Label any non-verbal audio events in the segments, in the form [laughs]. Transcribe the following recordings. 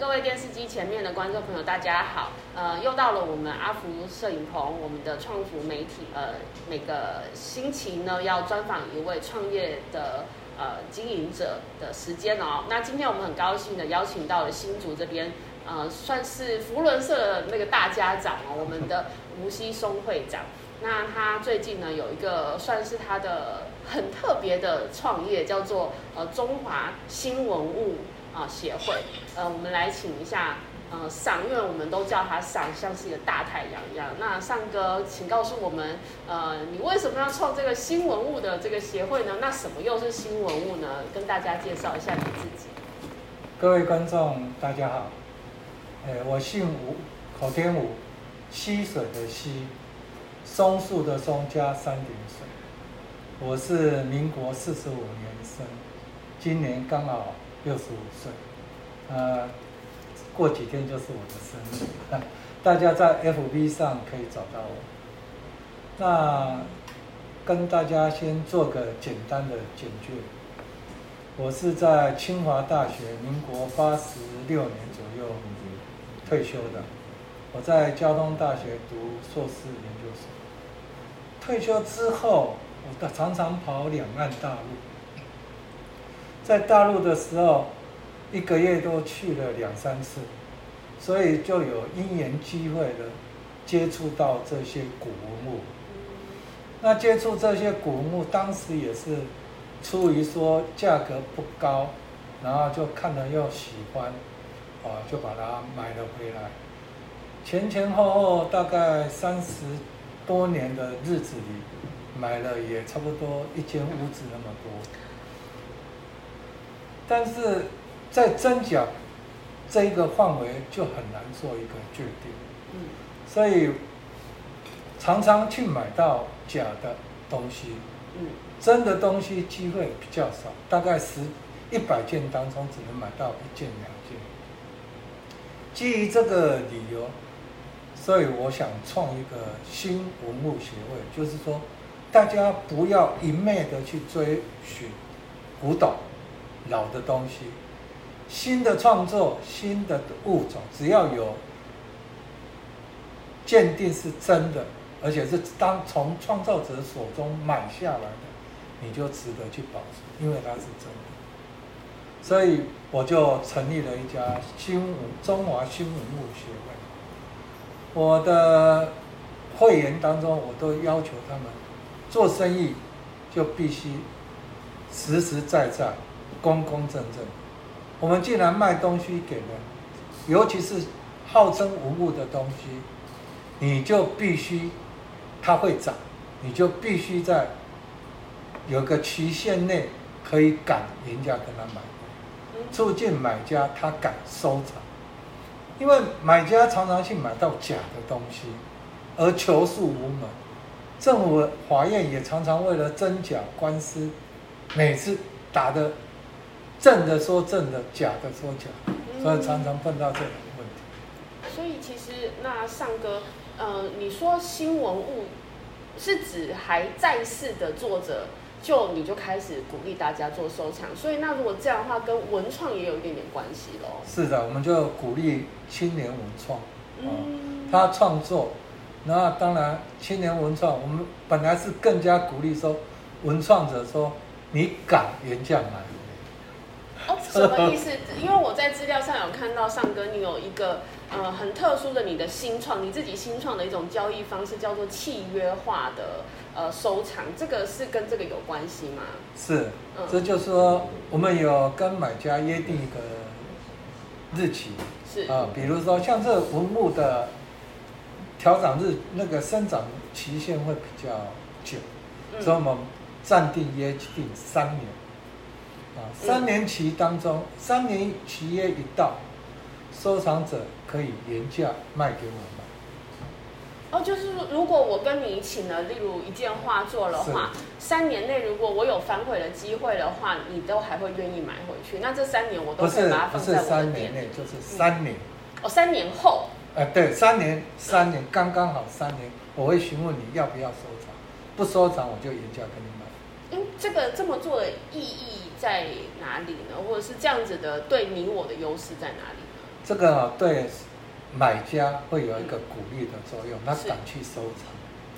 各位電視機前面的觀眾朋友，大家好。呃，又到了我們阿福攝影棚，我們的創福媒體，呃，每個星期呢要專訪一位創業的呃經營者的時間哦。那今天我們很高興的邀請到了新竹這邊，呃，算是福倫社的那個大家長哦，我們的吳溪淞會長。那他最近呢有一個算是他的很特別的創業，叫做呃中華新文物。啊、哦，協會，呃，我們來請一下，呃，賞月我們都叫他“賞”，像是一個大太陽一樣。那尚哥，請告訴我們，呃，你為什麼要創這個新文物的這個協會呢？那什麼又是新文物呢？跟大家介紹一下你自己。各位觀眾，大家好。欸、我姓吳，口天吳，溪水的溪，松樹的松加三點水。我是民國四十五年生，今年剛好，六十五歲，呃，過幾天就是我的生日，大家在 FB 上可以找到我。那跟大家先做個簡單的簡介，我是在清華大學，民國八十六年左右退休的。我在交通大學讀碩士研究所，退休之後，我常常跑兩岸大陸。在大陸的時候，一個月都去了兩三次，所以就有因緣機會的接觸到這些古文物。那接觸這些古文物，當時也是出於說價格不高，然後就看了又喜歡，啊，就把它買了回來。前前後後大概三十多年的日子裡，買了也差不多一間屋子那麼多。但是在真假這一個範圍就很難做一個決定，嗯，所以常常去買到假的東西，真的東西機會比較少，大概十一百件當中只能買到一件兩件。基於這個理由，所以我想創一個新文物協會，就是說大家不要一昧的去追尋古董。老的東西，新的創作，新的物種，只要有鑑定是真的，而且是當從創造者手中買下來的，你就值得去保存，因為它是真的。所以我就成立了一家新文中華新文物學會。我的會員當中，我都要求他們做生意就必須實實在在，公公正正，我們既然賣東西給人，尤其是號稱無物的東西，你就必須它會漲，你就必須在有個期限內可以趕人家跟他買，促進買家他敢收藏，因為買家常常去買到假的東西，而求訴無門，政府法院也常常為了真假官司，每次打的。正的說正的，假的說假的，所以常常碰到這樣的問題。嗯，所以其實那尚哥，呃，你說新文物是指還在世的作者，就你就開始鼓勵大家做收藏。所以那如果這樣的話，跟文創也有一點點關係咯。是的，我們就鼓勵青年文創，哦，嗯，他創作。那當然，青年文創，我們本來是更加鼓勵說，文創者說你，你敢原價買。什麼意思？因為我在資料上有看到尚哥，你有一個呃很特殊的你的新創，你自己新創的一種交易方式，叫做契約化的呃收藏，這個是跟這個有關係嗎？是，這就是說我們有跟買家約定一個日期，是啊，嗯，比如說像這文物的調漲日，那個生長期限會比較久，嗯，所以我們暫定約定三年。啊，三年期當中，嗯、三年期限一到，收藏者可以原價賣給我嗎？哦，就是如果我跟你請了，例如一件畫作的話，三年內如果我有反悔的機會的話，你都還會願意買回去？那這三年我都可以把它放在我的店裡，不是三年內，就是三年、嗯。哦，三年後？哎、呃，對，三年，三年剛剛好三年，我會詢問你要不要收藏，不收藏我就原價給你賣。嗯，這個這麼做的意義？在哪裡呢？或者是這樣子的，對你我的優勢在哪裡呢？這個對買家會有一個鼓勵的作用，他敢去收藏。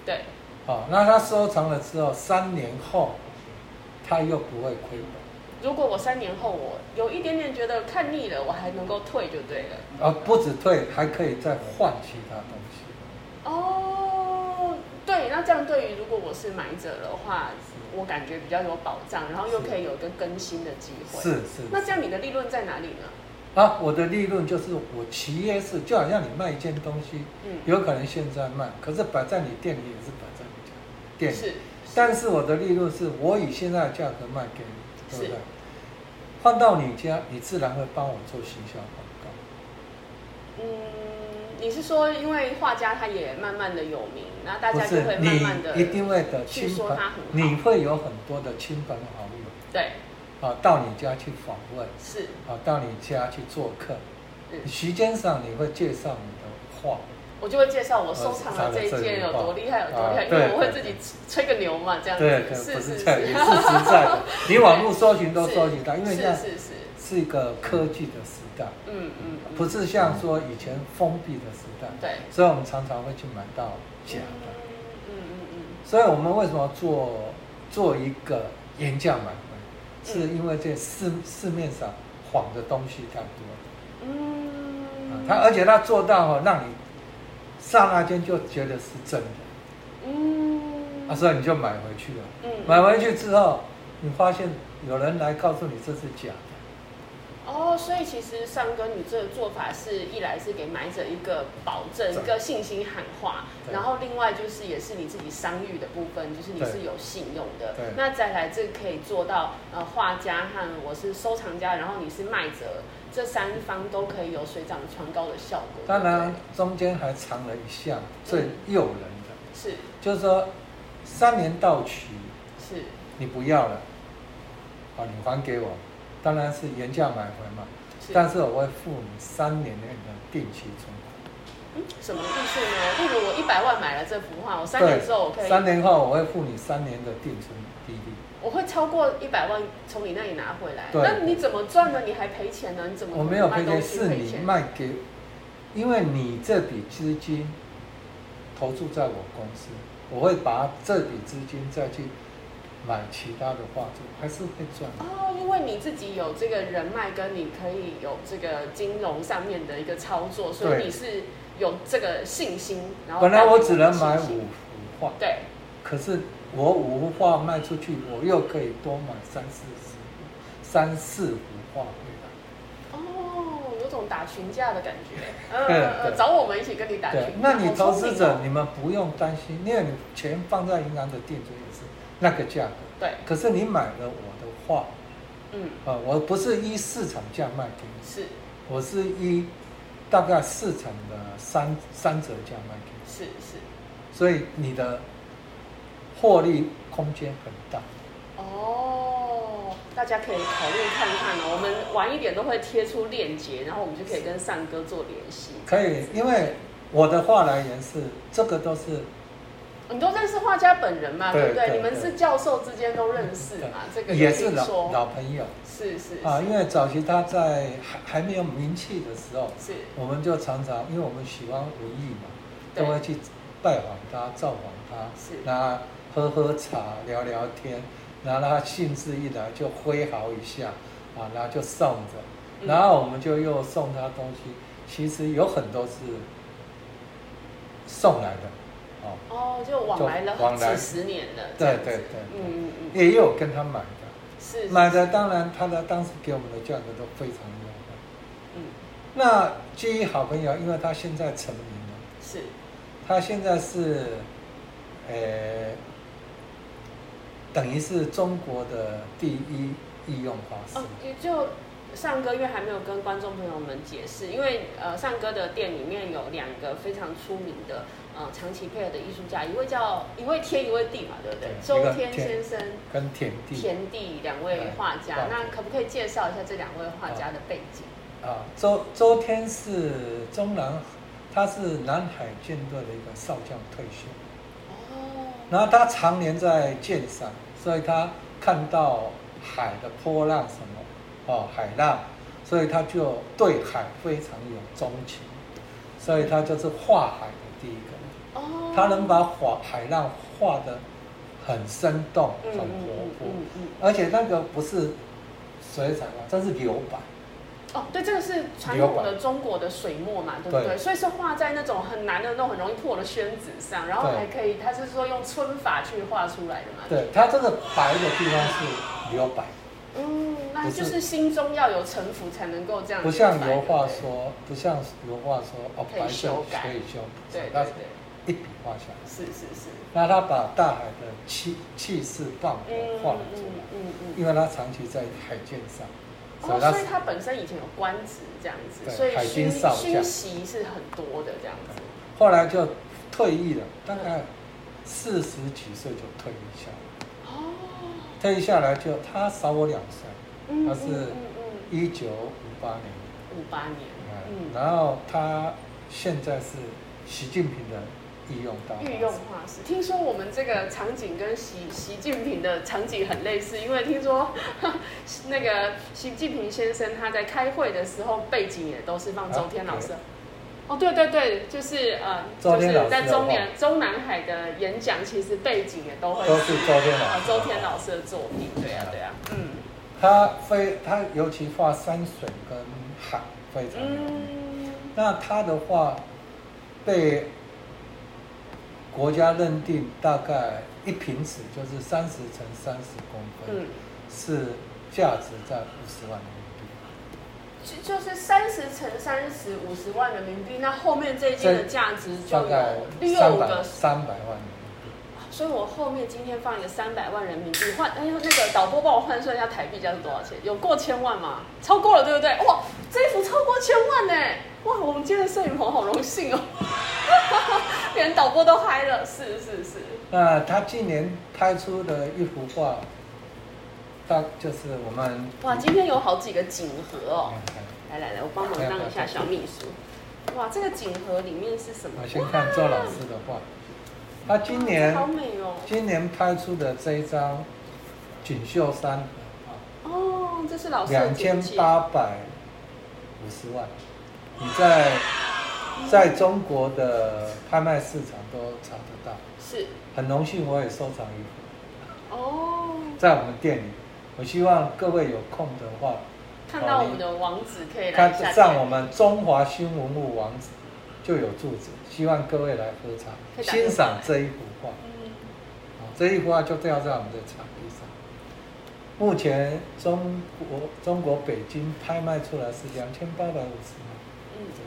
對。好、哦，那他收藏了之後，三年後他又不會虧本。如果我三年後我有一點點覺得看膩了，我還能夠退就對了。嗯、啊，不止退，還可以再換其他東西。哦，對，那這樣對於如果我是買者的話。我感覺比較有保障，然後又可以有個更新的機會。是是、是。那這樣你的利潤在哪裡呢？啊，我的利潤就是我企業是就好像你賣一件東西，嗯、有可能現在賣，可是擺在你店裡也是擺在你家店，是、是。但是我的利潤是我以現在的價格賣給你，對不對？放到你家，你自然會幫我做形象廣告。嗯。你是說，因為畫家他也慢慢的有名，那大家就會慢慢的去說他你，的你會有很多的親朋好友。對，啊，到你家去訪問，是啊，到你家去做客。時間上你會介紹你的畫，我就會介紹我收藏的這一件有多厲害有多厲害、啊對對對，因為我會自己吹個牛嘛，這樣子對，對，對，是是是實在的， [laughs] 你網絡搜尋都搜尋到，因為現在是是是。是一個科技的時代，嗯嗯，嗯，不是像說以前封閉的時代，嗯，所以我們常常會去買到假的，嗯嗯嗯，嗯，所以我們為什麼做做一個嚴價買賣？是因為這市市面上仿的東西太多，嗯，他而且他做到哦，讓你剎那間就覺得是真的，嗯，啊，所以你就買回去了，嗯，買回去之後，你發現有人來告訴你這是假的。哦、oh,，所以其實上哥，你這個做法是一來是給買者一個保證，一個信心喊話，然後另外就是也是你自己商譽的部分，就是你是有信用的。對那再來這可以做到，呃，畫家和我是收藏家，然後你是賣者，這三方都可以有水漲船高的效果。當然，啊，中間還藏了一項最誘人的，嗯、是就是說三年到期，是你不要了，好你還給我。當然是原價買回嘛，是，但是我會付你三年內的定期存款。嗯，什麼意思呢？例如我一百萬買了這幅畫，我三年之後我可以，三年後我會付你三年的定存利率。我會超過一百萬從你那裡拿回來。那你怎麼賺呢？你還賠錢呢？你怎麼、怎麼？我沒有賠錢，是你賣給，因為你這筆資金投注在我公司，我會把這筆資金再去。買其他的畫作還是會賺哦。因為你自己有這個人脈，跟你可以有這個金融上面的一個操作，所以你是有這個信心。然後本來我只能買五幅畫，對，可是我五幅畫賣出去，我又可以多買三四幅，三四幅畫。打群架的感覺，嗯， [laughs] 找我們一起跟你打群架。對。那你投資者，你們不用擔心，因為你錢放在銀行的定存也是那個價格。對。可是你買了我的話，嗯，啊、呃，我不是依市場價賣給你，是，我是依大概市場的三三折價賣給你，是是。所以你的獲利空間很大。哦。大家可以考慮看看哦，我們晚一點都會貼出鏈接，然後我們就可以跟尚哥做聯繫。可以，因為我的話來也是，這個都是你都認識畫家本人嘛，對，對不對，對，對？你們是教授之間都認識嘛？這個也，說也是老老朋友，是是啊。因為早期他在還還沒有名氣的時候，是，我們就常常，因為我們喜歡文藝嘛，都會去拜訪他、造訪他，是，然後喝喝茶、聊聊天。然後他興致一來就揮毫一下，啊，然後就送着，然後我們就又送他東西。嗯、其實有很多是送來的，哦，就往來了幾十年了，對對對，對，嗯，嗯也有跟他買的，是、嗯、買的，當然他的當時給我們的價格都非常優惠，嗯。那至於好朋友，因為他現在成名了，是，他現在是，呃。等於是中國的第一應用畫師。也、哦、就上個月還沒有跟觀眾朋友們解釋，因為呃，上哥的店裡面有兩個非常出名的，呃，長期配合的藝術家，一位叫一位天，一位地嘛，對不對？對周天先生田跟田地，田地兩位畫家，那可不可以介紹一下這兩位畫家的背景？啊、哦，周周天是中南，他是南海艦隊的一個少將退休。然後他常年在建山，所以他看到海的波浪什麼，哦，海浪，所以他就對海非常有鍾情，所以他就是畫海的第一個人。哦，他能把畫海浪畫得很生動、很活潑，嗯嗯嗯嗯、而且那個不是水彩畫、啊，這是留白。哦，對，這個是傳統的中國的水墨嘛，對不對，對？所以是畫在那種很難的，那種很容易破的宣紙上，然後還可以，他是說用皴法去畫出來的嘛。對，它這個白的地方是留白。嗯，那就是心中要有城府，才能夠這樣。不像油畫說，不像油畫說哦，白修改，可以修改。那一筆畫下來。是是是。那他把大海的氣氣勢磅礴畫了出來，嗯嗯嗯，嗯，因為他長期在海艦上。所以，哦、所以他本身以前有官職這樣子，對，海軍少將，所以勳勳席是很多的這樣子。後來就退役了，大概四十幾歲就退役下來。哦，退役下來就他少我兩歲、嗯嗯嗯嗯，他是一九五八年，五八年，嗯，然後他現在是習近平的。御用，啊、御用畫師，聽說我們這個場景跟習習近平的場景很類似，因為聽說那個習近平先生他在開會的時候，背景也都是放周天老師。啊 okay. 哦，對對對，就是呃周天老師，就是在中南中南海的演講，其實背景也都會都是周天老師的作品。啊啊，作品對呀，啊、對呀，啊嗯，嗯。他非他尤其畫山水跟海非常。嗯。那他的話被。國家認定大概一平尺就是三十乘三十公分，是價值在五十萬人民幣、嗯。就就是三十乘三十五十萬人民幣、嗯，那後面這一件的價值就有六百三百萬人民幣。所以我後面今天放一個三百萬人民幣換，哎，那個導播幫我換算一下台幣價是多少錢？有過千萬嗎？超過了，對不對？哇，這幅超過千萬呢！哇，我們今天的攝影棚好榮幸哦，哈 [laughs] 哈，連導播都嗨了，是是是。那、呃、他今年拍出的一幅畫，到就是我們哇，今天有好幾個錦盒哦、嗯嗯，來來來，我幫忙當一下小秘書。嗯嗯嗯嗯、哇，這個錦盒裡面是什麼？我先看周老師的畫他今年、嗯哦、今年拍出的這一張《錦繡山》哦，這是老，兩千八百五十萬，你在在中國的拍賣市場都查得到。是、嗯。很榮幸我也收藏一幅。哦。在我們店裡，我希望各位有空的話，看到我們的網址可以來下載。上我們中華新文物網址。就有柱子，希望各位來喝茶，欣賞這一幅畫、嗯。這一幅畫就吊在我們的場地上。目前中國中國北京拍賣出來是兩千八百五十萬。嗯，對，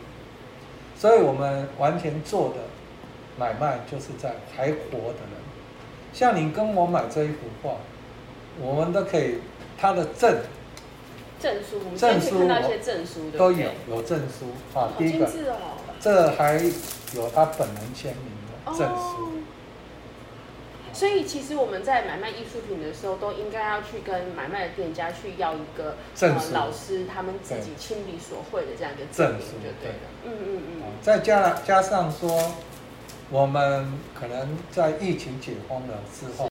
所以我們完全做的買賣就是在還活的人，像你跟我買這一幅畫，我們都可以它的證。證書，先去看到一些證書，那些證書都有，有證書啊。好精緻哦！這還有他本人簽名的、哦、證書。所以，其實我們在買賣藝術品的時候，都應該要去跟買賣的店家去要一個證、啊、老師他們自己親筆所繪的這樣一個證書，就對了。對對嗯嗯嗯，嗯。再加加上說，我們可能在疫情解封了之後。